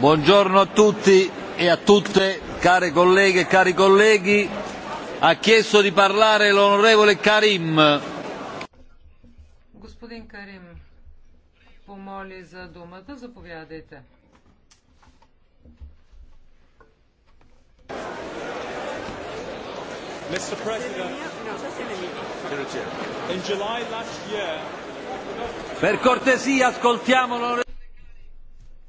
Buongiorno a tutti e a tutte, care colleghe e cari colleghi. Ha chiesto di parlare l'onorevole Karim. Господин Карим помоли за думата. Заповядайте. Mr. President, in July last year, Per cortesia, ascoltiamolo.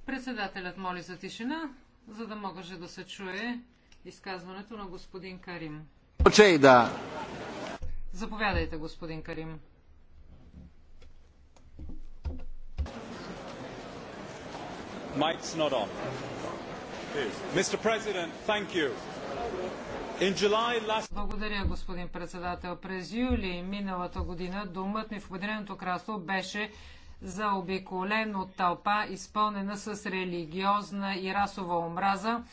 Председателят моли за тишина, за да може да се чуе изказването на господин Карим. Чейда. Заповядайте, господин Карим. Mike's not on. Mr. President, thank you. Благодаря, господин председател. През юли миналата година думът ми в Обединеното кралство беше заобиколен от тълпа, изпълнена с религиозна и расова омраза,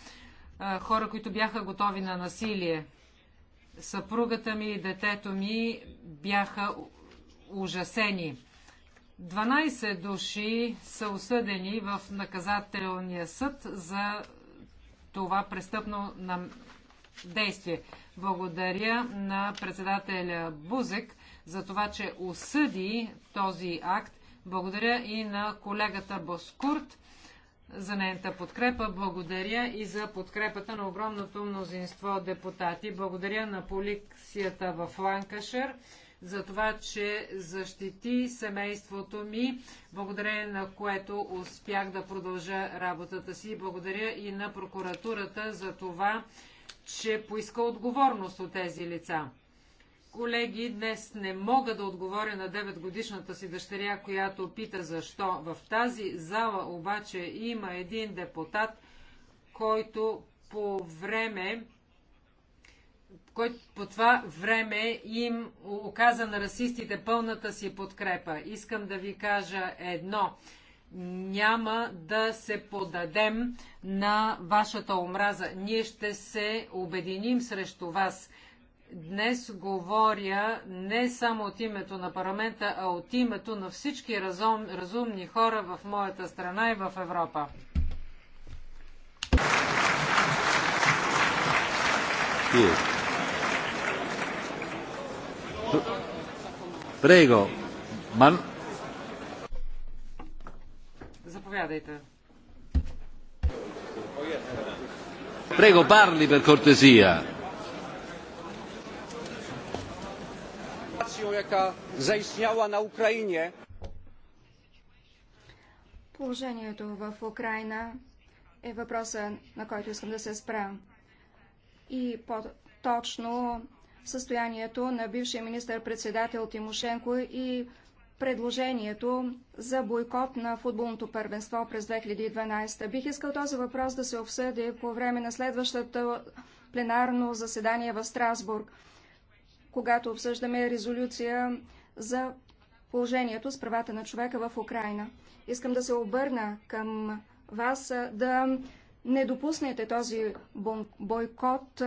хора, които бяха готови на насилие. Съпругата ми и детето ми бяха ужасени. 12 души са осъдени в наказателния съд за това престъпно действие. Благодаря на председателя Бузек за това, че осъди този акт. Благодаря и на колегата Боскурт за нейната подкрепа. Благодаря и за подкрепата на огромното мнозинство депутати. Благодаря на полицията в Ланкашер за това, че защити семейството ми, благодарение на което успях да продължа работата си. Благодаря и на прокуратурата за това, че поиска отговорност от тези лица. Колеги, днес не мога да отговоря на 9-годишната си дъщеря, която пита защо. В тази зала обаче има един депутат, който по време който по това време им оказа на расистите пълната си подкрепа. Искам да ви кажа едно няма да се подадем на вашата омраза. Ние ще се обединим срещу вас. Днес говоря не само от името на парламента, а от името на всички разум, разумни хора в моята страна и в Европа. Prego, Заповядайте. Прего, парли пер кортезия. Положението в Украина е въпроса, на който искам да се спра. И по-точно състоянието на бившия министър-председател Тимошенко и предложението за бойкот на футболното първенство през 2012. Бих искал този въпрос да се обсъди по време на следващото пленарно заседание в Страсбург, когато обсъждаме резолюция за положението с правата на човека в Украина. Искам да се обърна към вас да не допуснете този бойкот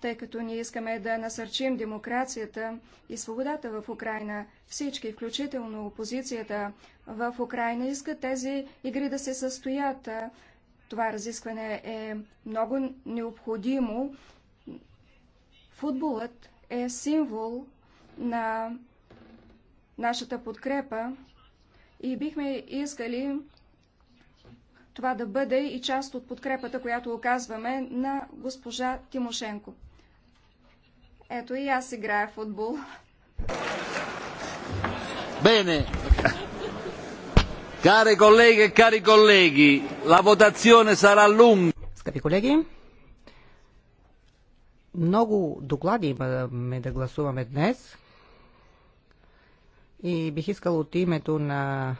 тъй като ние искаме да насърчим демокрацията и свободата в Украина. Всички, включително опозицията в Украина, искат тези игри да се състоят. Това разискване е много необходимо. Футболът е символ на нашата подкрепа и бихме искали това да бъде и част от подкрепата, която оказваме на госпожа Тимошенко. Ето и аз играя в футбол. Bene. Care colleghe e cari colleghi, la votazione sarà lunga. Скъпи колеги, много доклади имаме да гласуваме днес и бих искал от името на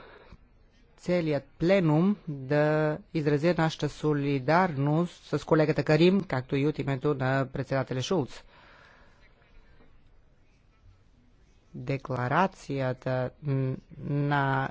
целият пленум да изразя нашата солидарност с колегата Карим, както и от името на председателя Шулц. декларацията на